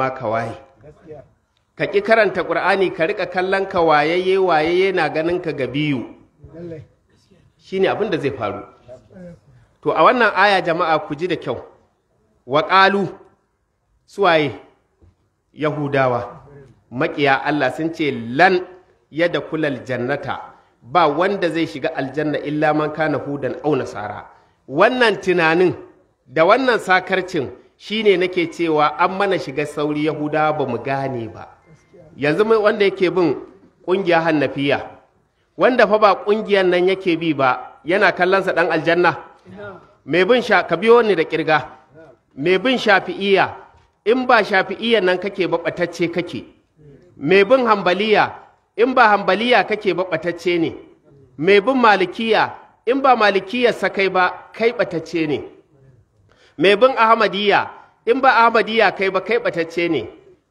ma waye ka ƙi karanta ƙur'ani ka riƙa kallon ka wayeye-wayeye na ganin ka ga biyu shine abin da zai faru to a wannan aya jama'a ku ji da kyau wa suwaye yahudawa maƙiya Allah sun ce lan yadda kulal jannata ba wanda zai shiga aljanna illa man kana hudan au nasara wannan tunanin da wannan sakarcin Shi ne nake cewa an mana shiga sauri Yahuda ba mu gane ba yanzu wanda yake bin ƙungiya hannafiya wanda fa ba ƙungiyar nan yake bi ba yana kallonsa ɗan aljanna mai bin sha ka biyo ni da kirga. mai bin shafi'iya in ba shafi'iya nan kake ba kake mai bin hambaliya in ba hambaliya kake babatacce ne mai bin malikiya in ba malikiyar sakai ba kai ɓatacce ne mai bin ahmadiyya in ba ahmadiyya kai ba kai batacce ne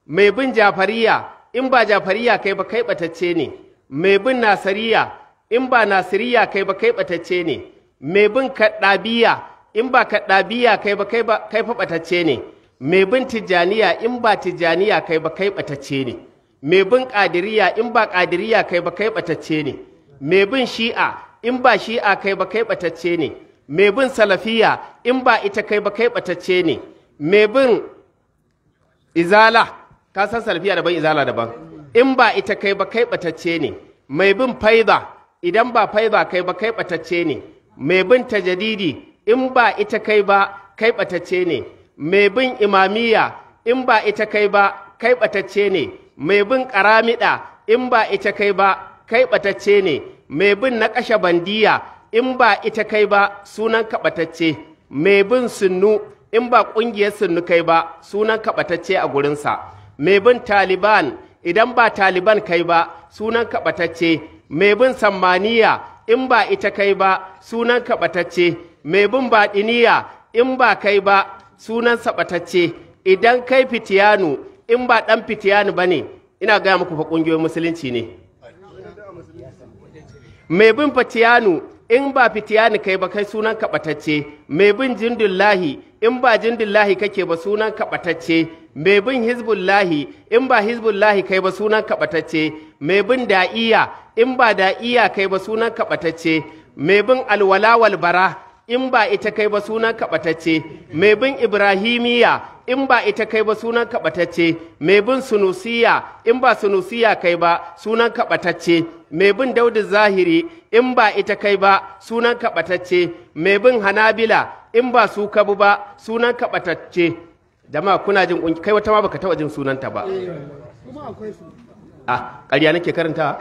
mai bin jafariya in ba jafariya kai ba kai batacce ne mai bin nasariya in ba nasiriya kai ba kai batacce ne mai bin kaddabiya in ba kaddabiya kai ba kai fa batacce ne mai bin Tijaniya, in ba Tijaniya kai ba kai batacce ne mai bin qadiriya in ba qadiriya kai ba kai batacce ne mai bin shi'a in ba shi'a kai ba kai batacce ne mai bin salafiya in ba ita kai ba kai batacce ne mai bin izala ka san salafiya daban izala daban in ba ita kai ba kai batacce ne mai bin faiza idan ba faiza kai ba kai batacce ne mai bin tajadidi in ba ita kai ba kai batacce ne mai bin imamiya in ba ita kai ba kai batacce ne mai bin karamida in ba ita kai ba kai batacce ne mai bin na kashe bandiya in ba ita kai ba sunan kaɓatacce mai bin sunnu in ba ƙungiyar sunnu kai ba sunan kaɓatacce a gurinsa mai bin taliban idan ba taliban kai ba sunan kaɓatacce mai bin sammaniya in ba ita kai ba sunan kaɓatacce mai bin baɗiniya in ba kai ba sunan saɓatacce idan kai fitiyanu in ba ɗan fitiyanu ba ne ina gaya muku fa ƙungiyoyin musulunci ne mai bin fatiyanu in ba fitiyani kai ba kai sunan kaɓatacce mai bin jindullahi in ba jindullahi kake ba sunan kaɓatacce mai bin hizbullahi in ba hizbullahi kai ba sunan kaɓatacce mai bin da'iya in ba da'iya kai ba sunan kaɓatacce mai bin alwala wal Bara, in ba ita kai ba sunan kaɓatacce mai bin ibrahimiya in ba ita kai ba sunan kaɓatacce mai bin sunusiya in ba sunusiya kai ba sunan kaɓatacce mai bin daudu zahiri in ba ita kai ba sunan kaɓatacce mai bin hanabila in ba su kabu ba sunan kaɓatacce jama'a kuna jin kunki kai wata ma baka taɓa jin sunanta ba a ah, ƙarya nake karanta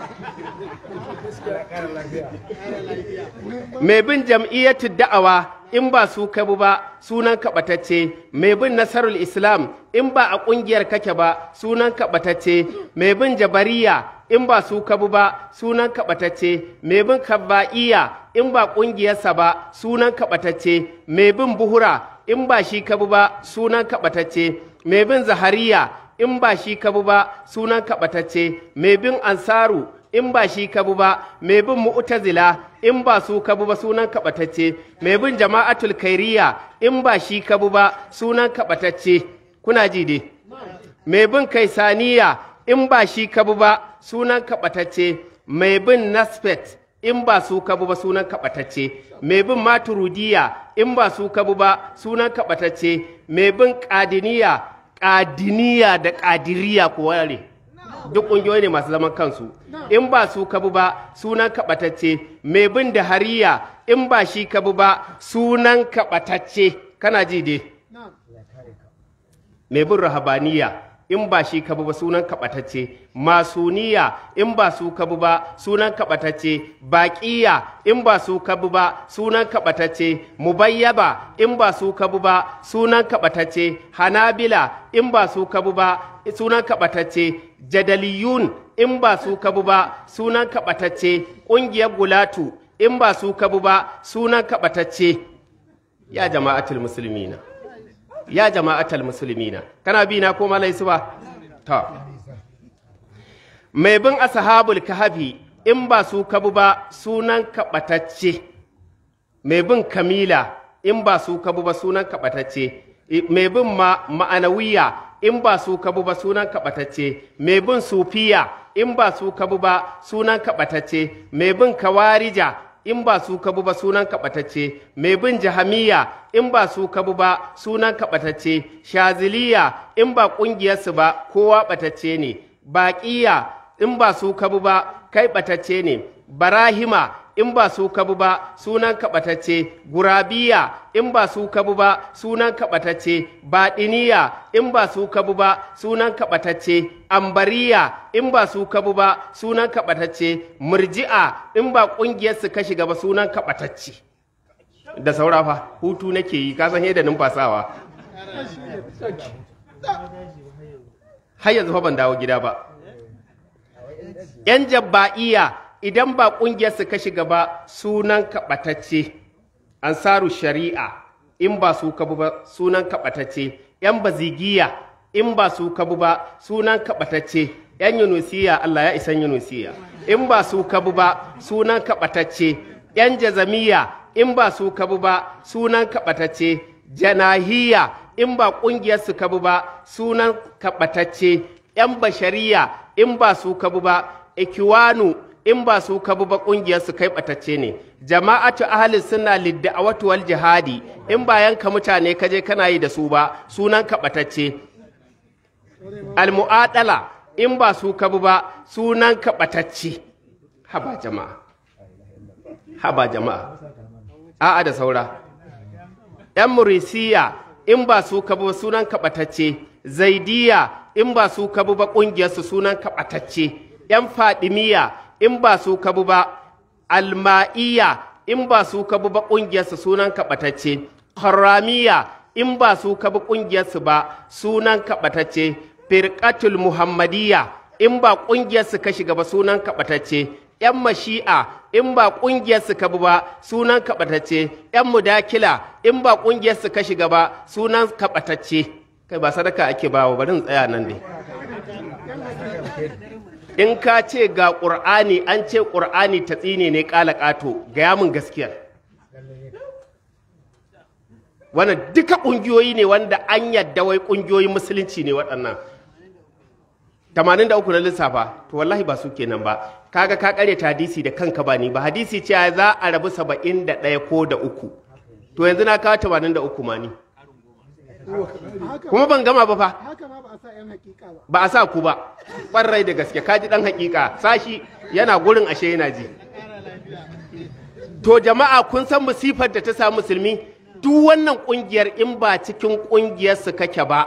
mai bin jam'iyyatu da'awa in ba su kabu ba sunan kaɓatacce mai bin nasarul islam in ba a ƙungiyar kake ba sunan kaɓatacce mai bin jabariya in ba su kabu ba sunan kabatacce mai bin kabba'iya in ba ƙungiyarsa ba sunan kabatacce mai bin buhura in ba shi kabu ba sunan kabatacce mai bin zahariya in ba shi kabu ba sunan kabatacce mai bin ansaru in ba shi kabu ba mai bin mu'tazila in ba su kabu ba sunan kabatacce mai bin jama'atul kairiya in ba shi kabu ba sunan kabatacce kuna ji dai mai bin kaisaniya in ba shi kabu ba sunan kaɓatacce mai bin nasfet in ba su kabu ba sunan kaɓatacce mai bin maturudiya in ba su kabu ba sunan kaɓatacce mai bin ƙadiniya ƙadiniya da ƙadiriya kuwa ne duk ƙungiyoyi ne masu zaman kansu in ba su kabu ba sunan kaɓatacce mai bin da hariya in ba shi kabu ba sunan kaɓatacce kana ji dai mai bin rahabaniya in ba shi kabu ba sunan kabatacce masuniya in ba su kabu ba sunan kabatacce baƙiya in ba su kabu ba sunan kabatacce mubayyaba in ba su kabu ba sunan kabatacce hanabila in ba su kabu ba sunan kabatacce jadaliyun in ba su kabu ba sunan kabatacce kungiyar gulatu in ba su kabu ba sunan kabatacce ya jama'atul musulmina ya jama'atal musulmina kana bi na ko malaisu ba ta mai bin ashabul kahfi in ba su kabu ba sunan kabatacce mai bin kamila in ba su kabu ba sunan kabatacce mai bin ma ma'anawiya in ba su kabu ba sunan kabatacce mai bin sufiya in ba su kabu ba sunan kabatacce mai bin kawarija in ba su kabu ba sunan kaɓatacce mai bin jahamiya in ba su kabu ba sunan kaɓatacce shaziliya in ba ƙungiyarsu ba kowa ɓatacce ne baƙiya in ba su kabu ba kai ɓatacce ne barahima in ba su kabu ba sunan kaɓatacce gurabiya in ba su kabu ba sunan kaɓatacce baɗiniya in ba su kabu ba sunan kaɓatacce ambariya in ba su kabu ba sunan kaɓatacce murji'a in ba ƙungiyar su ka shiga sunan kaɓatacce da saura fa hutu nake yi ka san yadda numfasawa har yanzu fa ban dawo gida ba yan jabba'iya idan ba ƙungiyarsu ka shiga ba sunan kaɓatacce ansaru shari'a in ba su kabu ba sunan kaɓatacce yan bazigiya in ba su kabu ba sunan kaɓatacce yan yunusiya Allah ya isan yunusiya in ba su kabu ba sunan kaɓatacce yan jazamiya in ba su kabu ba sunan kaɓatacce janahiya in ba ƙungiyar su kabu ba sunan kaɓatacce yan bashariya in ba su kabu ba ikiwanu in ba su ka ba kungiyar su kai batacce ne jama'atu ahli sunna lidda'awati wal jihadi in ba yanka mutane ka je kana yi da su ba sunan ka batacce al mu'adala in ba su ka ba sunan ka batacce haba jama'a haba jama'a a'a da saura yan murisiya in ba su ka ba sunan ka batacce zaidiya in ba su ka ba kungiyar su sunan ka batacce yan fadimiya in ba su kabu ba alma'iya in ba su kabu ba ba ƙungiyarsu sunan kaɓatacce haramiya in ba su kabu ƙungiyar ƙungiyarsu ba sunan kaɓatacce firƙatul muhammadiyya in ba ƙungiyarsu ka shiga ba sunan kaɓatacce Ƴan mashi'a in ba ƙungiyar su kabu ba sunan kaɓatacce ƴan mudakila in ba ƙungiyar su ka shiga ba sunan kaɓatacce kai ba sadaka ake bawa bari in tsaya nan ne in ka ce ga ƙur'ani an ce ƙur'ani ta tsine ne ƙala ƙato gaya min gaskiyar wannan duka ƙungiyoyi ne wanda an yadda wai ƙungiyoyin musulunci ne waɗannan Tamanin da uku na lissafa to wallahi ba su kenan ba kaga ka ta hadisi da kanka ba ni ba hadisi ce za a rabu saba'in da ɗaya ko da uku to yanzu na kawo tamanin da uku ma ni kuma ban gama ba fa ba a sa ku ba ɓarrai da gaske kaji ɗan hakika sashi yana gurin ashe yana ji to jama'a kun san musifar da ta sa musulmi duk wannan ƙungiyar in ba cikin ƙungiyar su kake ba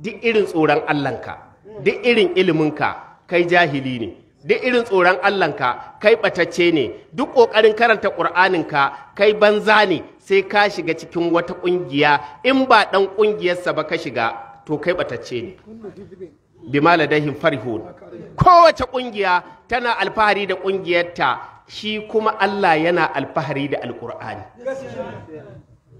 duk irin tsoron allanka duk irin iliminka kai jahili ne duk irin tsoron allanka, kai ɓatacce ne duk ƙoƙarin karanta ƙur'aninka kai banza ne sai ka shiga cikin wata ƙungiya in ba ɗan ƙungiyarsa ba ka shiga to kai ɓatacce ne bi maladahin farihun kowace ƙungiya tana alfahari da ƙungiyarta shi kuma Allah yana alfahari da alƙur'ani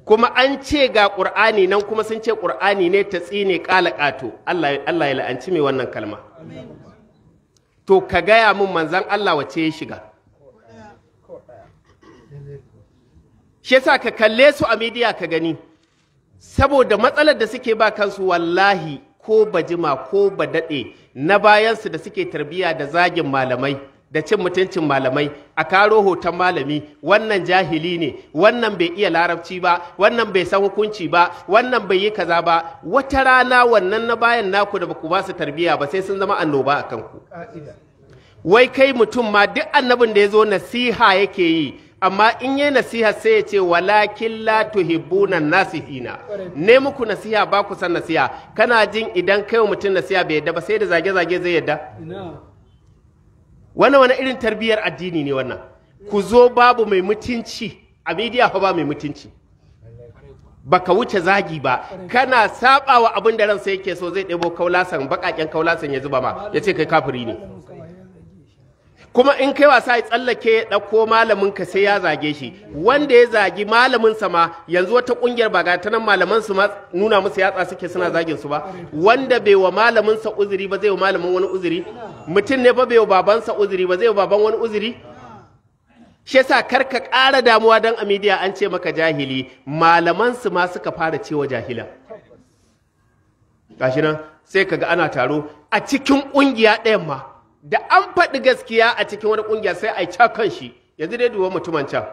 kuma an ce ga ƙur'ani nan kuma sun ce ƙur'ani ne ta tsine ƙala ƙato Allah ya la'anci mai wannan kalma to ka gaya mun manzan Allah wace ya shiga shi yasa ka kalle su a midiya ka gani saboda matsalar da suke ba kansu wallahi ko bajima ko ba daɗe na bayansu da suke tarbiyya da zagin malamai da cin mutuncin malamai a karo hoton malami wannan jahili ne wannan bai iya larabci ba wannan bai san hukunci ba wannan bai yi kaza ba wata rana wannan na bayan naku da baku ba su tarbiyya ba sai sun zama annoba a kanku wai kai mutum ma duk annabin da ya zo nasiha yake yi amma in yi nasiha sai ya ce walakin la tuhibbuna nasihina ne muku nasiha ba ku san nasiha kana jin idan kai mutum nasiha bai yadda ba sai da zage zage zai yadda wannan wani irin tarbiyyar addini ne wannan ku zo babu mai mutunci a midiya fa ba mai mutunci baka wuce zagi ba kana sabawa abin da ransa yake so zai ɗebo kaulasan baƙaƙen kaulasan ya zuba ma ya ce kai kafiri ne kuma in kai wasa ya tsallake ya ɗauko malamin ka sai ya zage shi wanda ya zagi malamin sa ma yanzu wata ƙungiyar ba ga tanan malaman su ma nuna musu yatsa suke suna zagin su ba wanda bai wa malamin sa uzuri ba zai wa malamin wani uzuri mutum ne ba bai wa baban sa uzuri ba zai wa baban wani uzuri shi yasa kar ka ƙara damuwa dan a an ce maka jahili malaman su ma suka fara cewa jahila gashi nan sai kaga ana taro a cikin ƙungiya ɗayan ma da an faɗi gaskiya a cikin wani ƙungiya sai a ca kan shi yanzu dai duwa mutumin can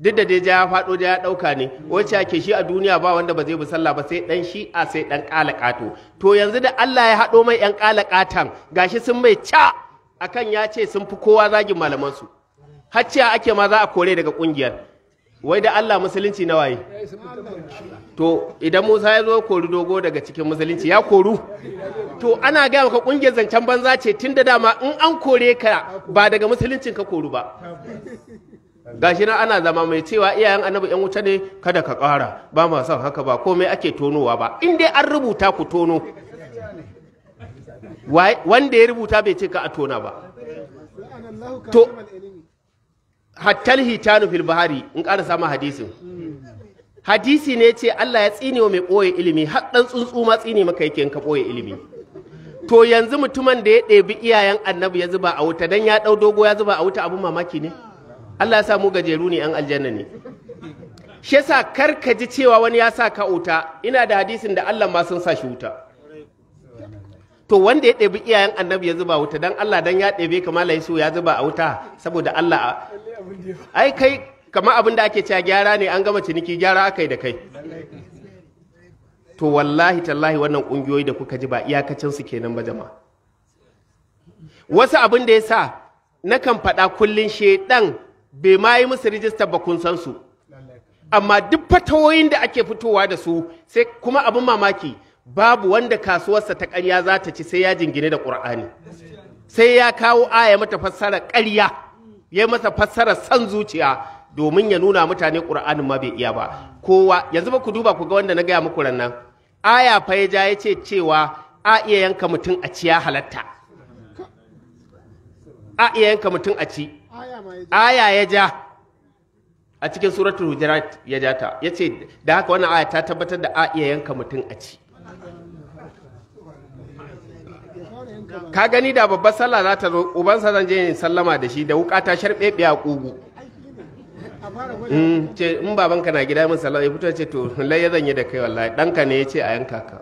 duk da dai ja ya faɗo da ya ɗauka ne wacce ake shi a duniya ba wanda ba zai bi sallah ba sai ɗan a sai ɗan ƙalaƙato to yanzu da Allah ya haɗo mai ƴan ƙalaƙatan gashi sun mai ca akan ya ce sun fi kowa zagin malamansu ce ake ma za a kore daga ƙungiyar wai da Allah musulunci na waye to idan Musa ya zo kori dogo daga cikin musulunci ya koru to ana gaya maka kungiyar zancen banza ce tun da dama in an kore ka ba daga musuluncin ka koru ba gashi nan ana zama mai cewa iyayen annabi yan wuta ne kada ka ƙara ba ma son haka ba komai ake tonowa ba in dai an rubuta ku tono wanda ya rubuta bai ce ka a tona ba hattal hitanu fil bahari in ƙara sama hadisin hadisi ne ce Allah ya tsine wa mai ɓoye ilimi har ɗan tsuntsu ma tsine maka yake ka ɓoye ilimi to yanzu mutumin da ya ɗebi iyayen annabi ya zuba a wuta dan ya ɗau dogo ya zuba a wuta abun mamaki ne Allah ya sa mu gajeru ne an aljanna ne shi yasa kar ka ji cewa wani ya sa ka wuta ina da hadisin da Allah ma sun sa shi wuta to wanda ya ɗebi iyayen annabi ya zuba wuta dan Allah dan ya ɗebe kamala yaso ya zuba a wuta saboda Allah ai kai kama abin da ake cewa gyara ne an gama ciniki gyara aka yi da kai to wallahi tallahi wannan kungiyoyi da kuka ji ba iyakacinsu kenan ba wasu abin da ya sa na kan faɗa kullun shedan bai ma yi musu rijistar ba kun san su amma duk fatawoyin da ake fitowa da su sai kuma abin mamaki babu wanda kasuwarsa ta ƙarya za ta ci sai ya jingine da ƙur'ani sai ya kawo aya mata fassara ƙarya ya masa fassarar san zuciya domin ya nuna mutane ƙur'anin ma bai iya ba kowa yanzu ba ku duba ku ga wanda na gaya muku rannan aya fa ya ja ya ce cewa a iya yanka mutum a ciya halatta a iya yanka mutum a ci aya ya ja a cikin suratul hujurat ya ja ta yace da haka wannan aya ta tabbatar da a iya yanka mutum a ci ka gani da babbar sallah za ta zo uban sa zan je in sallama da shi da wuka ta sharɓeɓe a kugu. Mm, ce in ka na gida min sallama ya fito ce to lai ya zanye da kai wallahi ɗanka ne ya ce a yanka ka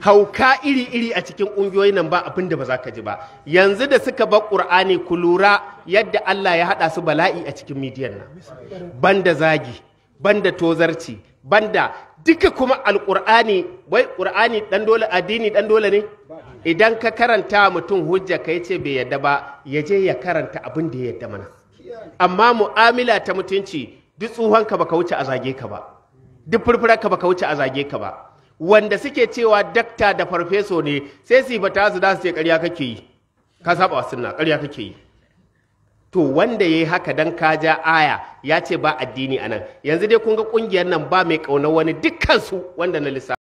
hauka iri-iri a cikin ƙungiyoyin nan ba abin da ba za ka ji ba yanzu da suka ba ƙur'ani ku lura yadda Allah ya haɗa su bala'i a cikin midiyan nan banda zagi banda tozarci banda duka kuma alƙur'ani wai ƙur'ani ɗan dole addini ɗan dole ne idan ka karanta mutum hujja ka ce bai yadda ba ya je ya karanta abin da ya yadda mana amma mu'amila ta mutunci duk ka baka wuce a zage ka ba duk ka baka wuce a zage ka ba wanda suke cewa dakta da farfeso ne sai su fata su da su ce ƙarya kake yi ka saba sunna ƙarya kake yi to wanda yayi haka dan ka ja aya ya ce ba addini anan yanzu dai kun ga kungiyar nan ba mai kauna wani dukkan su wanda na lissafa.